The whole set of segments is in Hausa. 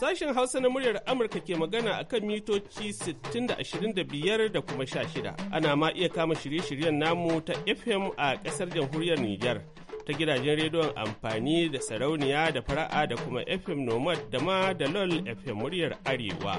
Sashen Hausa na muryar Amurka ke magana a kan mitoci 60 da kuma sha shida Ana ma iya kama shirye-shiryen namu ta FM a ƙasar jamhuriyar Nijar ta gidajen rediyon amfani da sarauniya da fara'a da kuma FM Nomad da ma da LOL FM muryar Arewa.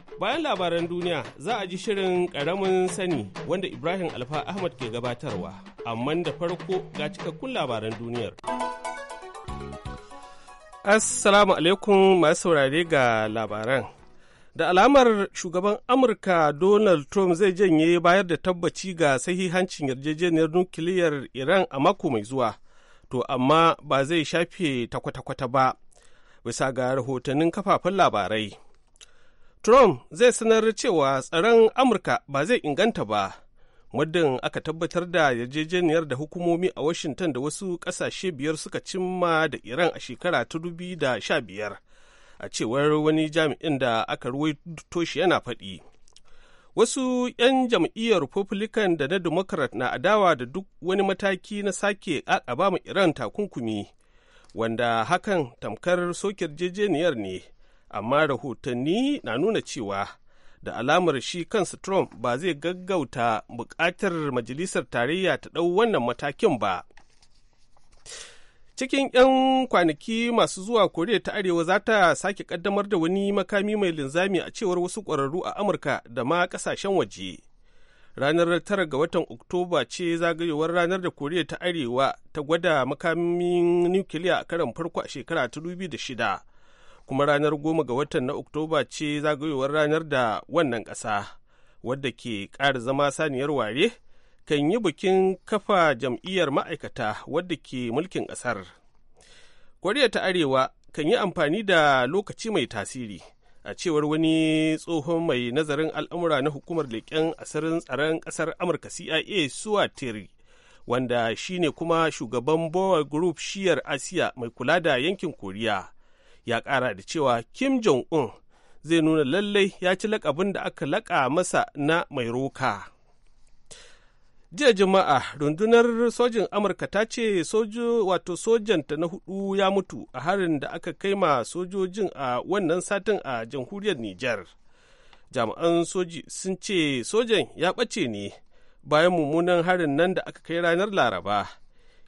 Bayan labaran duniya za a ji shirin karamin sani wanda Ibrahim Alfa Ahmad ke gabatarwa, amma da farko ga cikakkun labaran duniyar. Assalamu alaikum masu saurare ga labaran. Da alamar shugaban Amurka Donald Trump zai janye bayar da tabbaci ga sahihancin yarjejeniyar nukiliyar Iran a mako mai zuwa, to amma ba zai shafe takwata-kwata ba, bisa ga rahotannin kafafen labarai. Trump zai sanar cewa tsaron Amurka ba zai inganta ba, muddin aka tabbatar da yarjejeniyar da hukumomi a Washington da wasu ƙasashe biyar suka cimma da Iran a shekara ta da sha biyar, a cewar wani jami'in da aka ruwaito shi yana faɗi. Wasu 'yan jam'iyyar Republican da na Democrat na adawa da duk wani mataki na sake ƙaƙaba Iran takunkumi, wanda hakan tamkar soke jejeniyar ne. amma rahotanni na nuna cewa da alamar shi kan Trump ba zai gaggauta buƙatar majalisar tarayya ta ɗau wannan matakin ba. Cikin 'yan kwanaki masu zuwa Koriya ta Arewa za ta sake ƙaddamar da wani makami mai linzami a cewar wasu ƙwararru a Amurka da ma ƙasashen waje. Ranar tara ga watan Oktoba ce zagayowar ranar da Koriya ta Arewa ta gwada makamin nukiliya a karan farko a shekara ta shida. kuma ranar goma ga watan na oktoba ce zagayowar ranar da wannan ƙasa wadda ke ƙara zama saniyar ware kan yi bikin kafa jam'iyyar ma'aikata wadda ke mulkin ƙasar koriya ta arewa kan yi amfani da lokaci mai tasiri a cewar wani tsohon mai nazarin al'amura na hukumar leƙen asirin tsaron ƙasar amurka cia suwa terry wanda shine kuma shugaban bower group shiyar asiya mai kula da yankin koriya ya ƙara da cewa kim jong-un zai nuna lallai ya ci lakabin da aka laƙa masa na mai roka. jiya juma'a rundunar sojin amurka ta ce sojo wato sojanta na hudu ya mutu a harin da aka kai ma sojojin a wannan satin a jamhuriyar Nijar. jami'an soji sun ce sojan ya ɓace ne bayan mummunan harin nan da aka kai ranar laraba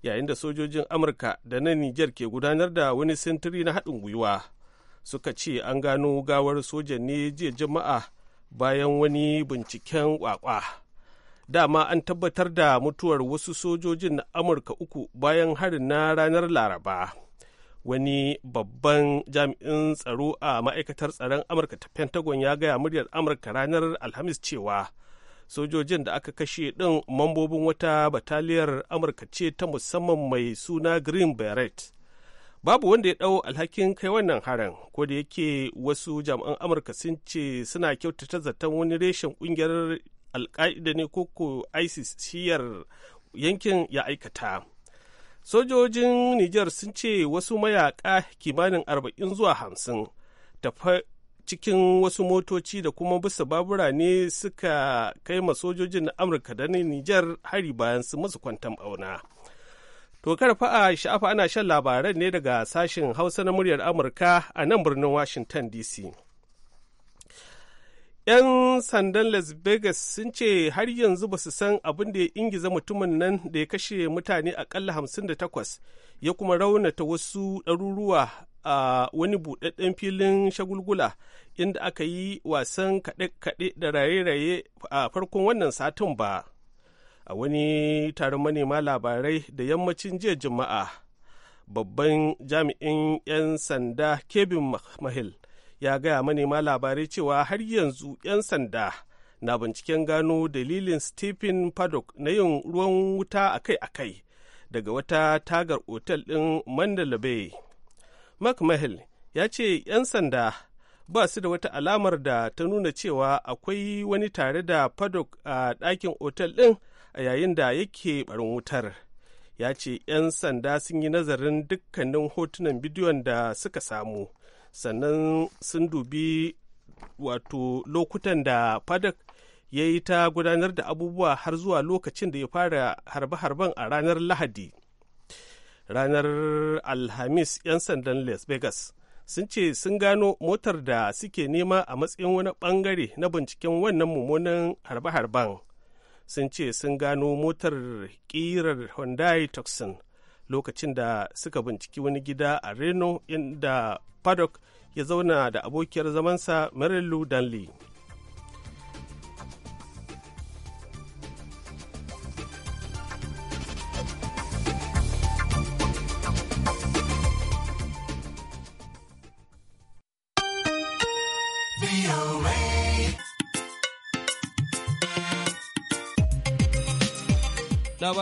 yayin da sojojin amurka da na nijar ke gudanar da wani sintiri na haɗin gwiwa suka ce an gano gawar sojan ne jiya jama'a bayan wani binciken kwakwa dama an tabbatar da mutuwar wasu sojojin na amurka uku bayan harin na ranar laraba wani babban jami'in tsaro a ma'aikatar tsaron amurka ta pentagon ya gaya muryar amurka ranar alhamis cewa sojojin da aka kashe ɗin mambobin wata bataliyar amurka ce ta musamman mai suna green beret babu wanda ya ɗau alhakin kai wannan harin ko da yake wasu jami'an amurka sun ce suna kyautata zaton wani reshen ƙungiyar alka'ida ne ko isis shiyar yankin ya aikata sojojin niger sun ce wasu mayaƙa kimanin arba'in zuwa hamsin cikin wasu motoci da kuma bisa babura ne suka kai ma sojojin amurka da nijar hari bayan su masu kwantan auna to karfa a sha'afa ana shan labaran ne daga sashen hausa na muryar amurka a nan birnin washington dc 'yan sandan las vegas sun ce har yanzu ba su san abin da ya ingiza mutumin nan da ya kashe mutane akalla 58 ya kuma raunata wasu ɗaruruwa a wani buɗaɗɗen filin shagulgula inda aka yi wasan kaɗe-kaɗe da raye-raye a farkon wannan satin ba a wani taron manema labarai da yammacin jiya juma'a babban jami'in 'yan sanda kebin mahil ya gaya manema labarai cewa har yanzu 'yan sanda na binciken gano dalilin stephen paddock na yin ruwan wuta akai-akai daga wata tagar otel ɗin mandalay mcmahill ya ce 'yan sanda ba su da wata alamar da ta nuna cewa akwai wani tare da paddock a ɗakin otel ɗin a yayin da yake barin wutar ya ce 'yan sanda sun yi nazarin dukkanin hotunan bidiyon da suka samu sannan sun dubi wato lokutan da paddock ya yi ta gudanar da abubuwa har zuwa lokacin da ya fara harbe-harben a ranar lahadi ranar alhamis 'yan sandan las vegas sun ce sun gano motar da suke nema a matsayin wani bangare na binciken wannan mummunan harbe-harben sun ce sun gano motar kirar hyundai toxin lokacin da suka binciki wani gida a reno inda paddock ya zauna da abokiyar zamansa marilu danley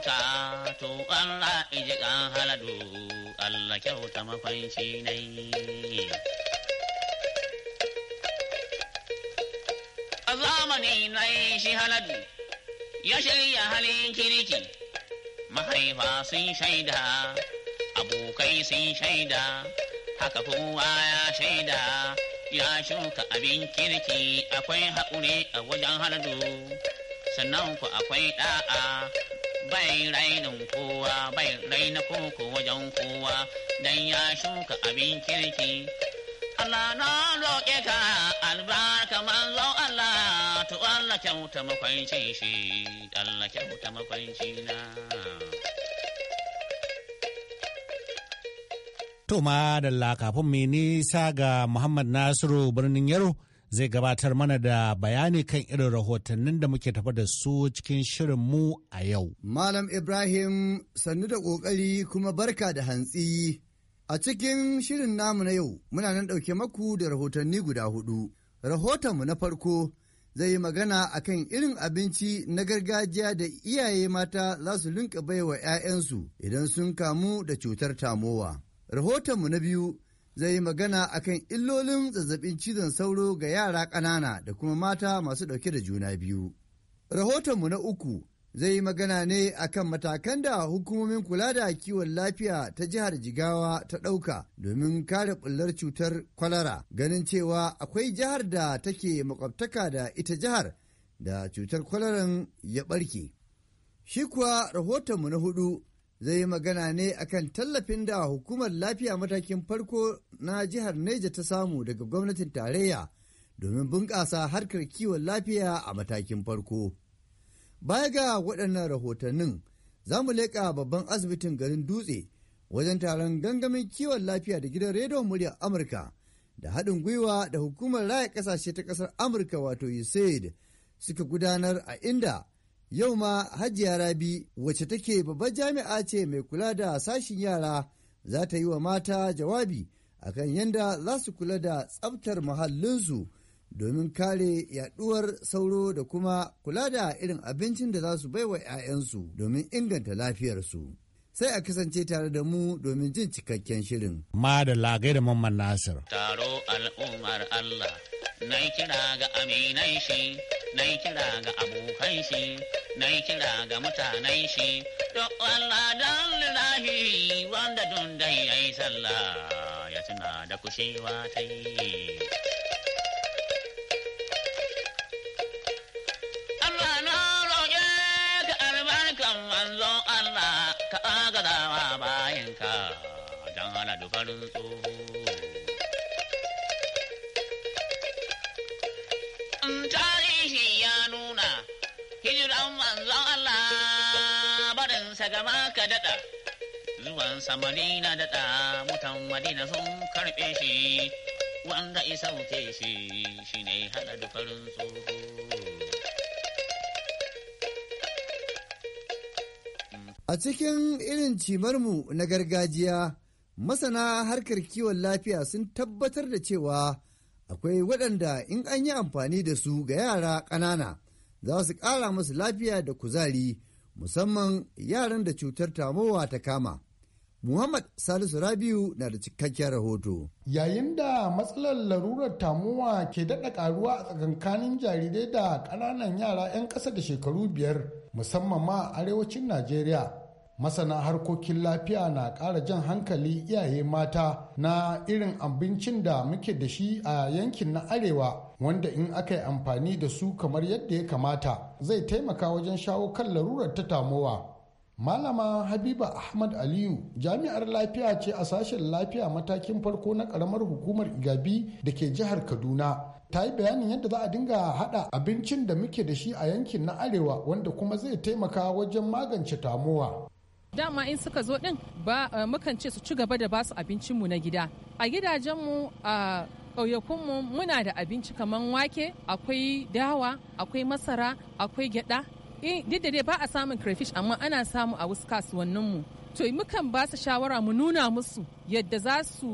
kyauta to Allah iji kan haladu Allah kyauta makwanci nai. A zamani na shi haladu ya shirya halin kirki mahaifa sun shaida abokai sun shaida haka kowa ya shaida ya shuka abin kirki akwai haƙuri a wajen haladu sannan ku akwai ɗa'a bai rainin kowa bai raina koko wajen kowa dan ya shuka abin kirki Allah na roƙe ka albarka manzo Allah to Allah kyauta makwancin shi Allah kyauta makwancin na To ma da kafin mai nisa ga Muhammad Nasiru birnin Yaro zai gabatar mana da bayani kan irin rahotannin da muke tafa da su cikin shirin mu a yau. Malam Ibrahim sannu da ƙoƙari kuma barka da hantsi. A cikin shirin namu na yau muna nan ɗauke maku da rahotanni guda hudu. Rahotonmu na farko zai yi magana a kan irin abinci na gargajiya da iyaye mata za su linka baiwa 'ya'yansu idan sun kamu da cutar tamowa. Rahotonmu na biyu zai yi magana akan illolin zazzabin cizon sauro ga yara ƙanana da kuma mata masu ɗauke da juna biyu. Rahotonmu na uku zai yi magana ne akan matakan da hukumomin kula da kiwon lafiya ta jihar Jigawa ta ɗauka domin kare ɓullar cutar kwalara ganin cewa akwai jihar da take makwabtaka da ita jihar da cutar kwalaran ya ɓarke. Shi kuwa rahotonmu na hudu zai yi magana ne akan tallafin da hukumar lafiya matakin farko na jihar Neja ta samu daga gwamnatin tarayya domin bunƙasa harkar kiwon lafiya a matakin farko. Baya ga waɗannan rahotannin za mu leƙa babban asibitin garin dutse wajen taron gangamin kiwon lafiya da gidan rediyon muryar Amurka da haɗin gwiwa da hukumar raya ƙasashe ta ƙasar Amurka wato USAID suka gudanar a inda Yau ma Hajiya Rabi wacce take babbar jami'a ce mai kula da sashin yara za ta yi wa mata jawabi akan yadda za su kula da tsabtar muhallinsu domin kare yaduwar sauro da kuma kula da irin abincin da za su baiwa 'ya'yansu domin inganta lafiyarsu. sai a kasance tare da mu domin jin cikakken shirin. Ma da lagai da Mamman Nasir. Taro al'ummar Allah na kira ga aminai shi na kira ga abokan shi na kira ga mutanen shi duk Allah don lillahi wanda dun dai ya sallah ya tuna da kushewa ta yi Allah na roƙe ka albarkan manzo Allah ka agazawa bayanka don hana dufarin tsoho Zuwan manzon Allah barin gama ka daɗa. Zuwan sa na daɗa mutan Madina sun karɓe shi wanda isa wuce shi shi ne haɗa da farin tsoro. A cikin irin cimarmu na gargajiya, masana harkar kiwon lafiya sun tabbatar da cewa akwai waɗanda in an yi amfani da su ga yara ƙanana za su ƙara masu lafiya da kuzari musamman yaran da cutar tamowa ta kama. Muhammad Salisu Rabiu na da cikakken rahoto. Yayin da matsalar larurar tamowa ke daɗa ƙaruwa a tsakankanin jarirai da ƙananan yara 'yan ƙasa da shekaru biyar musamman ma a arewacin Najeriya. masana harkokin lafiya na kara jan hankali iyaye mata na irin abincin da muke da shi a yankin na arewa wanda in aka yi amfani da su kamar yadda ya kamata zai taimaka wajen shawo kan larurar ta tamowa malama habiba ahmad aliyu jami'ar lafiya ce a sashen lafiya matakin farko na karamar hukumar igabi da ke jihar kaduna ta yi bayanin yadda za a dinga hada abincin da muke da shi a yankin na arewa wanda kuma zai taimaka wajen magance tamowa dama in suka zo din ba eh, mukan ce su ci gaba da basu abincin mu na gida a gidajen mu a mu muna da abinci kamar wake akwai dawa akwai masara akwai gyada eh, duk da dai ba a samun crayfish amma ana samu a wasu kasuwannin mu to mukan ba su shawara mu nuna musu yadda za su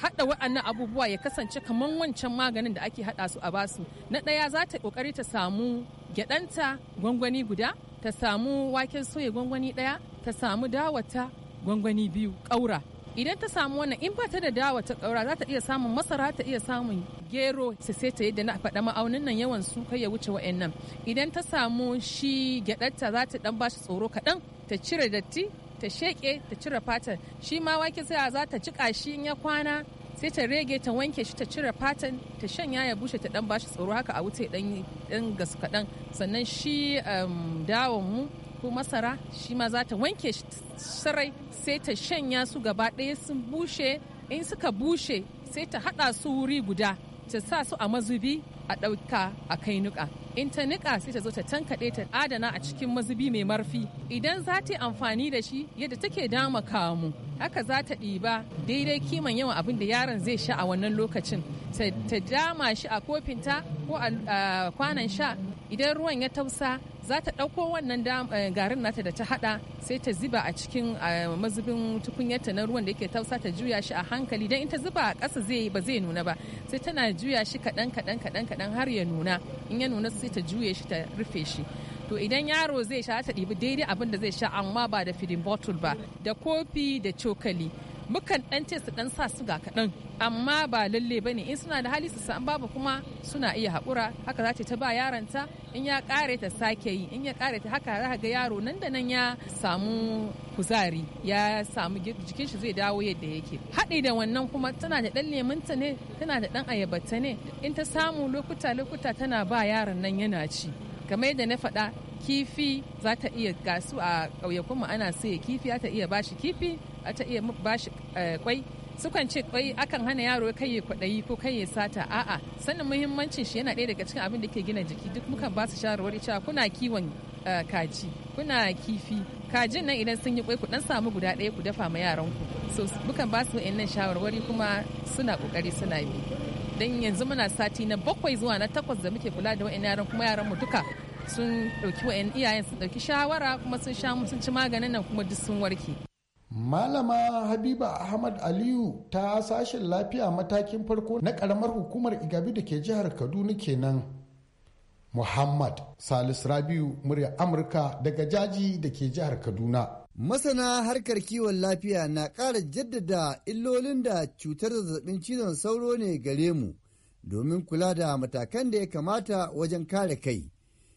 haɗa waɗannan abubuwa ya kasance kamar wancan maganin da ake haɗa su a basu na ɗaya za ta ƙoƙari ta samu gyaɗanta gwangwani guda ta samu waken soya gwangwani ɗaya ta samu dawata gwangwani biyu ƙaura idan ta samu wannan in ba ta da dawa ta ƙaura za ta iya samun masara ta iya samun gero ta sai ta yadda na faɗa ma'aunin nan yawan su kai ya wuce wa'annan idan ta samu shi gyaɗarta za ta ɗan ba shi tsoro kaɗan ta cire datti ta sheƙe ta cire fatar shi ma wake sai za ta jiƙa shi in ya kwana sai ta rege ta wanke shi ta cire fatan ta shanya ya bushe ta dan bashi tsoro haka a wuce dan dan gasu kadan sannan shi um, dawon mu ko masara shi ma za ta wanke shi sarai sai ta shanya su gaba ɗaya sun bushe in suka bushe sai ta haɗa su wuri guda ta sa su a mazubi a ɗauka a kai niƙa in ta niƙa sai ta zo ta tankaɗe ta adana a cikin mazubi mai marfi idan za ta yi amfani da shi yadda take dama kamu haka za ta ɗiba daidai kiman yawan abin da yaron zai sha a wannan lokacin ta dama shi a kofinta ko a kwanan sha idan ruwan ya tausa za ta ɗauko wannan eh, garin nata da ta haɗa sai ta zuba a cikin eh, mazubin tukunyarta na ruwan da yake tausa ta juya shi a hankali don in ta zuba a ƙasa ba zai nuna ba sai tana juya shi kaɗan kaɗan kaɗan kaɗan har ya nuna in ya nuna sai ta juya shi ta rufe shi to idan yaro zai sha ta ɗibi daidai abin da zai sha amma ba da feeding bottle ba da kofi da cokali mukan dan ce su dan sa suga kaɗan amma ba lalle bane in suna da hali su san babu kuma suna iya haƙura haka za ta ba yaranta in ya ƙare ta sake yi in ya ƙare ta haka za ga yaro nan da nan ya samu kuzari ya samu jikin shi zai dawo yadda yake haɗi da wannan kuma tana da ɗan lemunta ne tana da ɗan ayabata ne in ta samu lokuta lokuta tana ba yaron nan yana ci kamar yadda na faɗa kifi za ta iya gasu a ƙauyakunmu ana siya kifi za ta iya bashi kifi a ta iya bashi eh, kwai sukan ce kwai akan hana yaro kai ya kwaɗayi ko kai ya sata a'a sannan muhimmancin shi yana ɗaya daga cikin abin da ke gina jiki duk mukan ba su shawarwari cewa kuna kiwon eh, kaji kuna kifi kajin nan idan sun yi kwai ku dan samu guda ɗaya ku dafa ma yaran ku so mukan ba su wa'annan shawarwari kuma suna kokari suna bi dan yanzu muna sati na bakwai zuwa na takwas da muke kula da wa'annan yaran kuma yaran mu duka sun ɗauki wa'annan iyayen sun ɗauki shawara kuma sun sha sun ci maganin nan kuma duk sun warke Malama Habiba Ahmad Aliyu ta sashen lafiya matakin farko na ƙaramar hukumar Igabi da ke jihar Kaduna kenan. Muhammad Salis Rabiu murya Amurka daga jaji da ke jihar Kaduna. Masana harkar kiwon lafiya na ƙara jaddada illolin da cutar zazzabin cizon sauro ne gare mu domin kula da matakan da ya kamata wajen kare kai.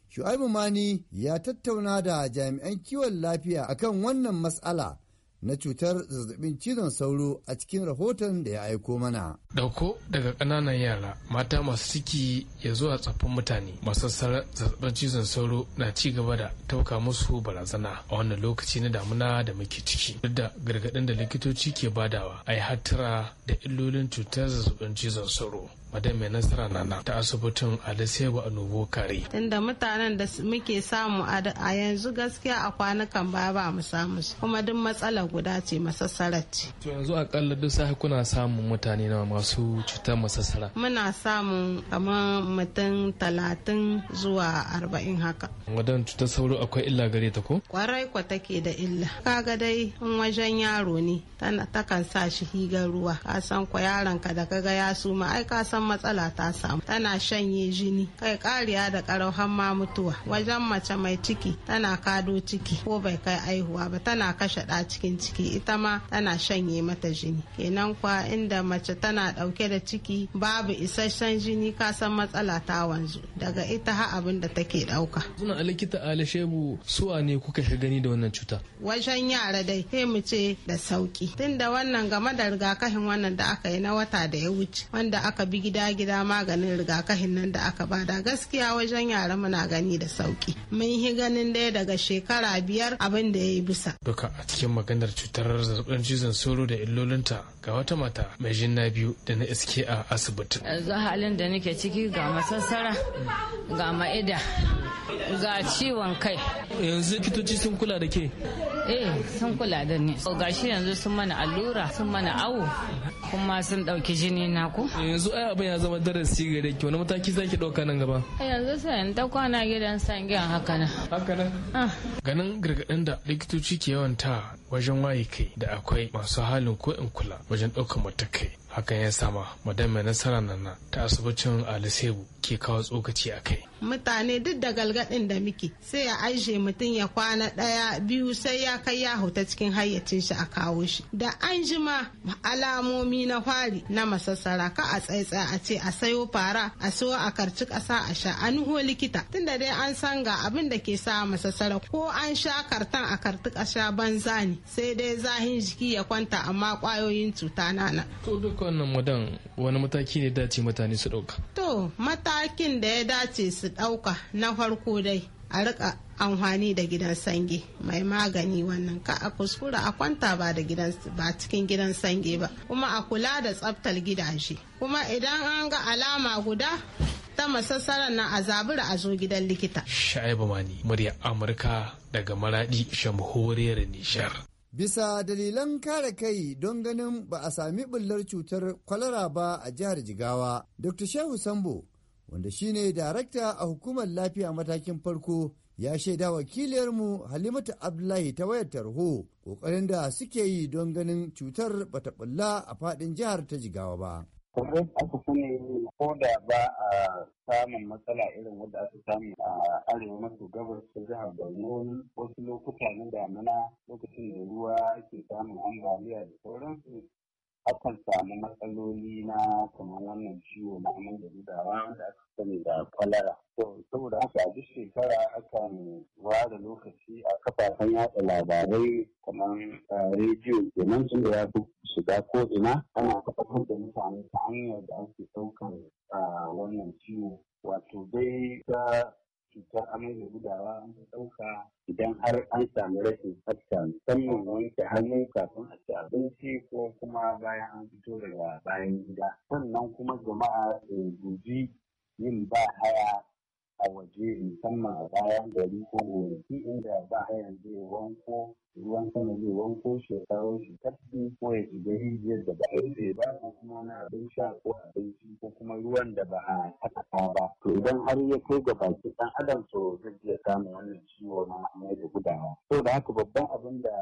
Shu'aibu Mani ya tattauna da jami'an kiwon lafiya akan wannan matsala. na cutar zazzabin cizon sauro a cikin rahoton da ya aiko mana. Dauko daga ƙananan yara mata masu ciki ya zuwa tsaffin mutane masu zazzabin cizon sauro na ci gaba da tauka musu barazana a wannan lokaci na damuna da muke ciki duk da gargaɗin da likitoci ke badawa a yi hattara da illolin cutar zazzabin cizon sauro. madam mai nasara nana ta asibitin alisewa nubo kare Tunda mutanen da muke samu a yanzu gaskiya a kwanukan ba ba mu samu kuma duk matsala guda ce masassarar ce to yanzu akalla duk sai kuna samun mutane na masu cutar masassara muna samun kamar mutum talatin zuwa arba'in haka wadan cutar sauro akwai illa gare ta ko kwarai kwa take da illa kaga dai in wajen yaro ne takan sa shi higar ruwa ka san ko yaron ka da kaga ya suma ai ka san san matsala ta samu tana shanye jini kai kariya da karauhan ma mutuwa wajen mace mai ciki tana kado ciki ko bai kai aihuwa ba tana kashe ɗa cikin ciki ita ma tana shanye mata jini kenan kwa inda mace tana dauke da ciki babu isasshen jini ka san matsala ta wanzu daga ita ha abin da take ɗauka. Suna a likita Ali Shehu suwa ne kuka fi gani da wannan cuta? Wajen yara dai sai mu ce da sauki tunda wannan game da rigakafin wannan da aka yi na wata da ya wuce wanda aka bige gida-gida maganin rigakafin nan da aka bada gaskiya wajen yara muna gani da sauki mun yi ganin daya daga shekara biyar abin da ya yi bisa duka a cikin maganar cutar zazzabin cizon sauro da illolinta ga wata mata mai jinna biyu da na iske a asibiti yanzu halin da nake ciki ga masassara ga ma'ida ga ciwon kai yanzu likitoci sun kula da ke eh sun kula da ni shi yanzu sun mana allura sun mana awo kuma sun dauki jini na ku yanzu ai abin ya zama darasi gare ki wani mataki zaki dauka nan gaba a yanzu sai ta kwana gidan gidan haka nan haka nan ah. ganin gargadin da likitoci ke yawan ta wajen waye kai da akwai masu halin ko in kula wajen daukar matakai hakan ya sama madan mai nasara nan ta asibitin alisebu ke kawo tsokaci a kai mutane duk da galgadin da muke sai ya aishe mutum ya kwana ɗaya biyu sai ya kai ya huta cikin hayyacin shi a kawo shi da an jima alamomi na fari na masassara ka a tsaitsaya a ce a sayo fara a siyo a karci kasa a sha a nuho likita tunda dai an san ga abin da ke sa masassara ko an sha kartan a karti kasha banza ne sai dai zahin jiki ya kwanta amma kwayoyin cuta na duka wannan madan wani mataki ne dace mutane su dauka to matakin da ya dace su ɗauka na farko dai a rika amfani da gidan sange mai magani wannan ka a kuskura a kwanta ba da gidan ba cikin gidan sange ba kuma a kula da tsaftar gidaje kuma idan an ga alama guda ta masassarar na a zabura a zo gidan likita. Sha'ibu Mani, murya Amurka daga Maradi, Shamhoriyar Nishar. Bisa dalilan kare kai don ganin ba a sami bullar cutar kwalara ba a jihar Jigawa, Dr. Shehu Sambo, wanda shine darakta a hukumar lafiya matakin farko ya shaida wakiliyarmu Halimatu Abdullahi ta wayar tarho kokarin da suke yi don ganin cutar bata bulla a fadin jihar ta Jigawa ba. kamar aka sani ko da ba a samun matsala irin wadda aka samu a arewa maso gabas ta jihar borno wasu lokuta na damina lokacin da ruwa ke samun ambaliya da sauransu akan samu matsaloli na kamar wannan ciwo na amin da gudawa wanda aka sani da kwalara. To saboda haka a duk shekara aka akan ware lokaci a kafafen yatsa labarai kamar eh, rediyo kenan tun da ya fi shiga ko ina ana kafafen da mutane ta hanyar da ake ɗaukar ah, wannan ciwo. Wato dai ta cutar amai da gudawa an ɗauka idan har an samu rashin tsafta musamman wanke hannu kafin a ci abinci ko kuma bayan an fito daga bayan gida sannan kuma jama'a su guji yin ba haya a waje musamman a bayan gari ko gonaki inda ba hayan zai wanko ruwan sama zai wanko shekaru shi tafi ko ya shiga rijiyar da ba a yi ba ko kuma na abin sha ko abinci ko kuma ruwan da ba a taɓa ba to idan har ya kai ga baki ɗan adam to zai iya samun wannan ciwo na amai da gudawa to da haka babban abin da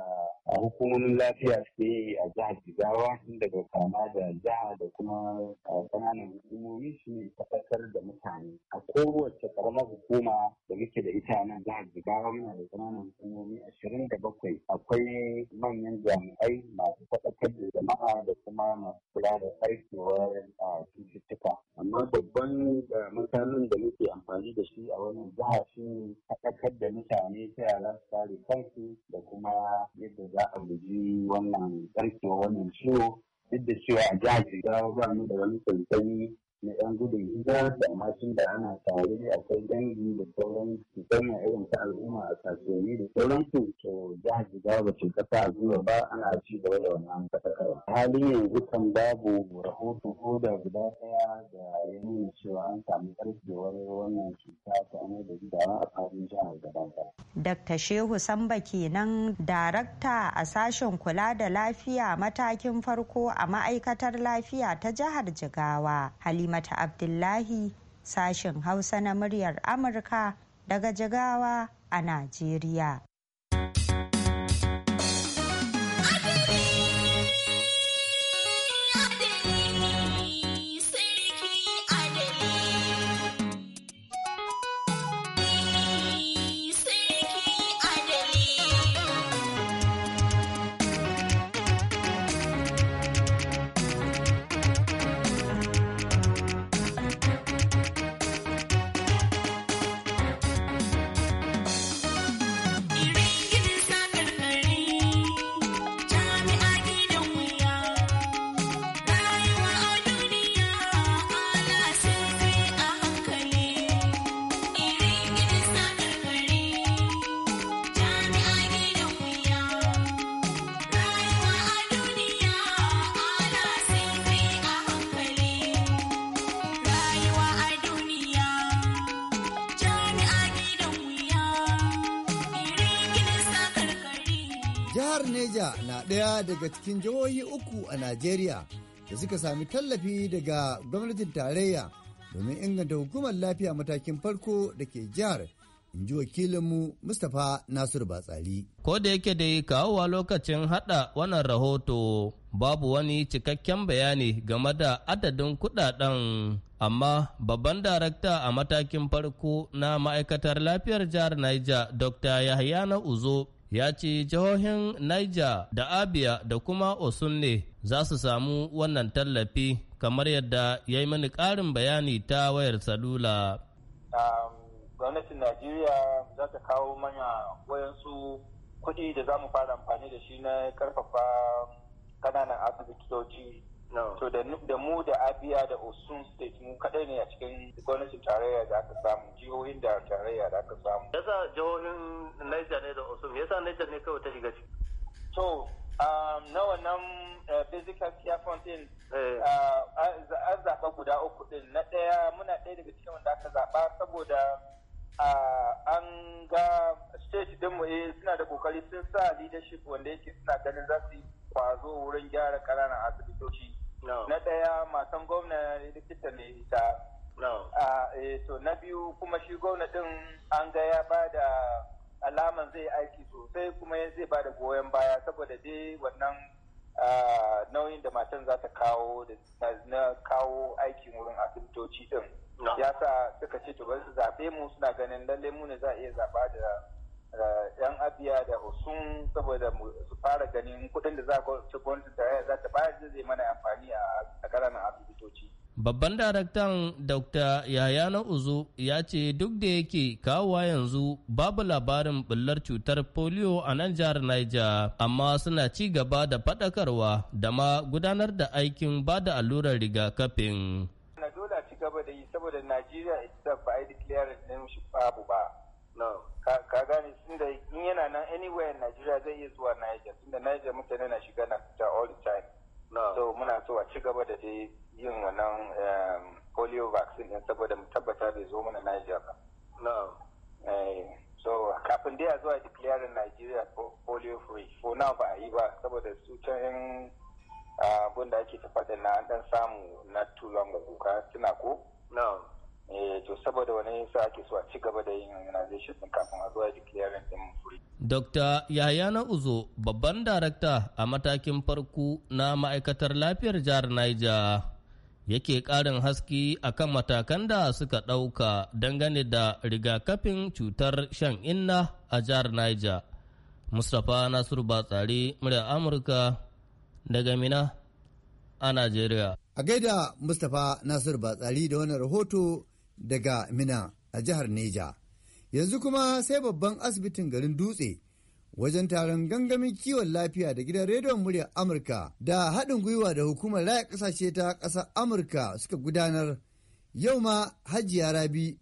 a hukumomin lafiya suke yi a jihar jigawa tun daga kama da jiha da kuma kananan hukumomi shi ne da mutane a kowace karamar hukuma da muke da ita nan jihar Jigawa muna da ƙananan hukumomi ashirin da bakwai akwai manyan jami'ai masu faɗakar da jama'a da kuma masu kula da a cututtuka. Amma babban mutanen da muke amfani da shi a wannan jihar shi faɗakar da mutane ta yara su kare kansu da kuma yadda za a guji wannan ɗarkewa wannan ciwo duk da cewa a jihar Jigawa ba mu da wani sansani na yan gudun hijira da masu da ana tare akwai dangi da sauran su sanya irin ta al'umma a kasuwanni da sauran su to jihar jigawa ba ce kasa a zuwa ba ana ci gaba da wannan fatakar halin yanzu kan babu rahoto ko da guda daya da ya nuna cewa an samu karfewar wannan cuta ta amai da gudawa a faɗin jihar gaba Dr. Shehu Samba kenan darakta a sashen kula da lafiya matakin farko a ma'aikatar lafiya ta jihar Jigawa. Halimata Abdullahi sashin Hausa na muryar Amurka daga Jigawa a Najeriya. Jihar Neja na ɗaya daga cikin jihohi uku a Najeriya da suka sami tallafi daga gwamnatin tarayya domin inganta hukumar lafiya matakin farko da ke jihar. in ji wakilinmu Mustapha Nasiru Batsari. Ko da yake dai kawowa lokacin hada wannan rahoto babu wani cikakken bayani game da adadin kudaden amma babban darakta a matakin farko na ma'aikatar lafiyar jihar Niger Dr. Yahya na Uzo ya ce jihohin Niger da Abia da kuma osunne ne za su samu wannan tallafi kamar yadda ya yi mani ƙarin bayani ta wayar salula. Gwamnatin Najeriya za ta kawo mana wayansu kuɗi da za mu fara amfani da shi na ƙarfafa ƙananan asibitoci to da mu da abiya da osun state mu kadai ne a cikin gwamnatin tarayya da aka samu jihohin da tarayya da aka samu yasa jihohin niger ne da osun yasa niger ne kawai ta shiga ciki to um, na wannan physical eh, care fountain eh. uh, an zaɓa guda uku ɗin na ɗaya muna ɗaya daga cikin wanda aka zaɓa saboda uh, an ga state mu eh suna da kokari sun sa leadership wanda yake suna ganin za su yi kwazo wurin gyara ƙananan asibitoci na ɗaya matan gwamna likita ne ita eh, to na biyu kuma shi gwamna ɗin an ga ya ba da alaman zai aiki sosai kuma ya zai ba da goyon baya saboda dai wannan nauyin da matan za ta kawo na kawo aikin wurin asibitoci ɗin ya sa suka ce to bari su zaɓe mu suna ganin lalle mu ne za a iya zaɓa da Eh, yan abiya da osun saboda su fara ganin kudin da za ta gwamnati tarayya za ta bayar zai mana amfani a ƙananan asibitoci. Babban daraktan Dr. Yaya na Uzo ya ce duk da yake kawowa yanzu babu labarin bullar cutar polio a nan jihar Niger, amma suna ci gaba da faɗakarwa da ma gudanar da aikin ba da allurar rigakafin. Na dole ci gaba da yi saboda Najeriya ita ba a yi declaring ɗin shi babu ba. ka gane tunda in yana nan anywhere in Nigeria zai iya zuwa Niger tunda Niger mutane na shiga na fita all the time so muna so a ci gaba da dai yin wannan um, polio vaccine din saboda mu tabbata bai zo mana Niger ba eh, so kafin dai a zuwa declare Nigeria polio free for now ba a yi ba saboda su can uh, abun da ake tafaɗa na an dan samu na too long ago ka tuna ko Eh, to saboda wani yasa ake so a ci gaba da yin immunization din kafin a zuwa declaring din free Dr. Yahayana Uzo, babban darakta a matakin farko na ma'aikatar lafiyar jihar Niger, yake ƙarin haske kan matakan da suka ɗauka dangane da rigakafin cutar shan inna a jihar Niger. Mustapha Nasiru Batsari, murya Amurka daga Mina a Najeriya. A gaida Mustapha Nasiru Batsari da wani rahoto daga Mina a jihar Neja. Yanzu kuma sai babban asibitin garin Dutse wajen taron gangamin kiwon lafiya da gidan rediyon muryar Amurka da haɗin gwiwa da hukumar raya ƙasashe ta ƙasar Amurka suka gudanar. Yau ma Hajiya Rabi,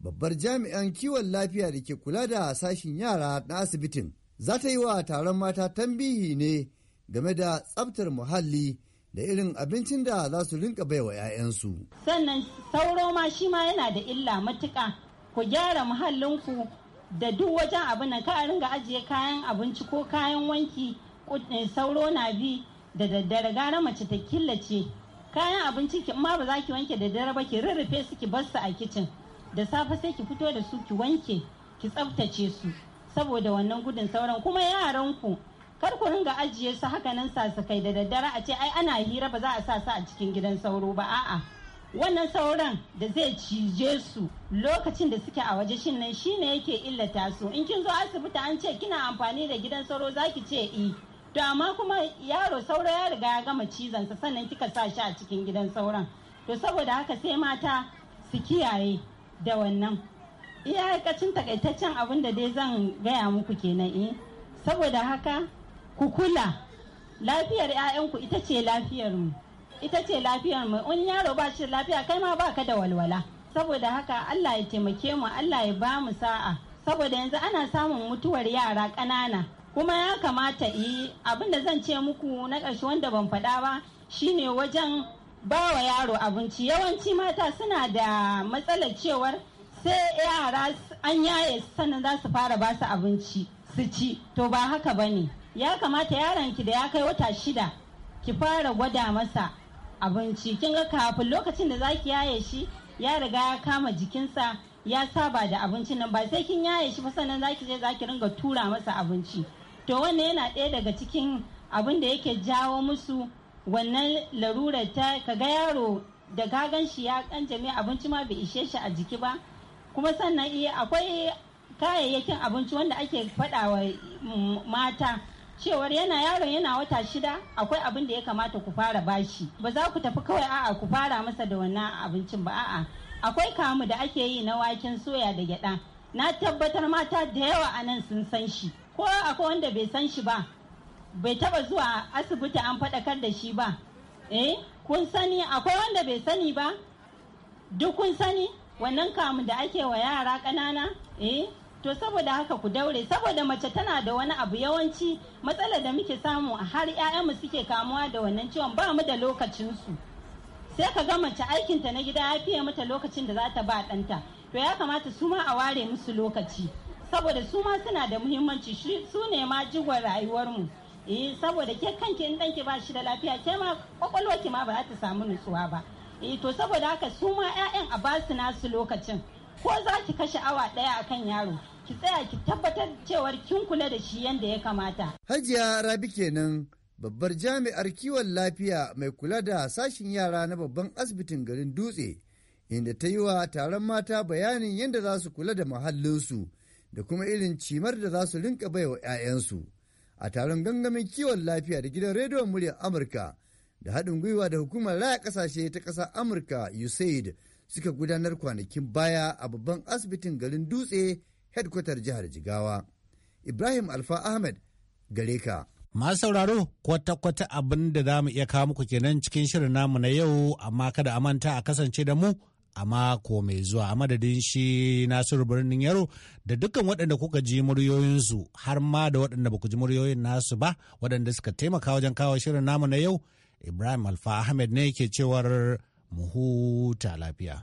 babbar jami'an kiwon lafiya da ke kula da sashin yara na asibitin, za ta yi wa taron mata tambihi ne game da tsabtar muhalli. da irin abincin da za su rinka wa 'ya'yansu. Sannan sauro ma shi ma yana da illa matuka ku gyara muhallinku da duk wajen abin nan ka ringa ajiye kayan abinci ko kayan wanki eh, sauro na bi da daddare gara mace ta killace kayan abinci ki ma ba za ki wanke da dare ba ki rurrufe su ki bar su a kicin da safe sai ki fito da su ki wanke ki tsaftace su saboda wannan gudun sauran kuma yaranku kar ku ringa ajiye su haka nan sasakai da daddare a ce ai ana hira ba za a sa su a cikin gidan sauro ba a'a wannan sauran da zai cije su lokacin da suke a waje shin nan shine yake illata su in kin zo asibiti an ce kina amfani da gidan sauro zaki ce i to amma kuma yaro sauro ya riga ya gama cizon sa sannan kika sa shi a cikin gidan sauran? to saboda haka sai mata su kiyaye da wannan iyakacin takaitaccen abin da dai zan gaya muku kenan eh saboda haka ku kula lafiyar 'ya'yanku ita ce lafiyar mu ita ce lafiyar mu in yaro ba shi lafiya kai ma baka da walwala saboda haka Allah ya taimake mu Allah ya ba mu sa'a saboda yanzu ana samun mutuwar yara ƙanana kuma ya kamata yi abin da zan ce muku na ƙarshe wanda ban faɗa ba shine wajen ba wa yaro abinci yawanci mata suna da matsalar cewar sai yara an yaye sannan za su fara ba su abinci su ci to ba haka ba ne ya kamata ki da ya kai wata shida ki fara gwada masa abinci kin ga kafin lokacin da zaki yaye shi ya riga ya kama jikinsa ya saba da abincin nan ba sai kin yaye shi ba sannan zaki je zaki ringa tura masa abinci to wannan yana ɗaya daga cikin abin da yake jawo musu wannan larurar ta kaga yaro da ka gan shi ya kan jami abinci ma bai ishe shi a jiki ba kuma sannan eh, akwai kayayyakin abinci wanda ake faɗa wa mm, mata cewar yana yaron yana wata shida akwai abin da ya kamata ku fara bashi ba za ku tafi kawai a'a ku fara masa da wannan abincin ba a'a akwai kamu da ake yi na waken soya da gyada na tabbatar mata da yawa a nan sun san shi ko akwai wanda bai san shi ba bai taba zuwa asibiti an faɗakar da shi ba eh kun sani akwai wanda bai sani ba duk kun sani wannan kamu da ake wa yara ƙanana eh to saboda haka ku daure saboda mace tana da wani abu yawanci matsalar da muke samu a har mu suke kamuwa da wannan ciwon ba mu da lokacinsu sai ka ga mace aikinta na gida ya fiye mata lokacin da za ta ba ɗanta to ya kamata su ma a ware musu lokaci saboda su ma suna da muhimmanci su ne ma jigon rayuwarmu eh saboda ke kanki in danki ba shi da lafiya ke ma kwakwalwarki ma ba za ta samu nutsuwa ba eh to saboda haka su ma 'ya'yan a ba su nasu lokacin ko za ki kashe awa ɗaya a kan yaro ki tsaya ki tabbatar cewar kin kula da shi yadda ya kamata. Hajiya Rabi kenan babbar jami'ar kiwon lafiya mai kula da sashin yara na babban asibitin garin Dutse inda ta yi wa taron mata bayanin yadda za su kula da muhallinsu da kuma irin cimar da za su rinka wa 'ya'yansu. A taron gangamin kiwon lafiya da gidan rediyon muryar Amurka da haɗin gwiwa da hukumar raya ƙasashe ta ƙasa Amurka USAID suka gudanar kwanakin baya a babban asibitin garin dutse hedkwatar jihar jigawa ibrahim alfa ahmed gare ka masu sauraro kwata-kwata abin da za mu iya kawo muku kenan cikin shirin namu na yau amma kada a manta a kasance da mu a mako mai zuwa a madadin shi nasiru birnin yaro da dukkan waɗanda kuka ji muryoyinsu har ma da waɗanda baku ji muryoyin nasu ba waɗanda suka taimaka wajen kawo shirin namu na yau ibrahim alfa ahmed ne ke cewar mu huta lafiya.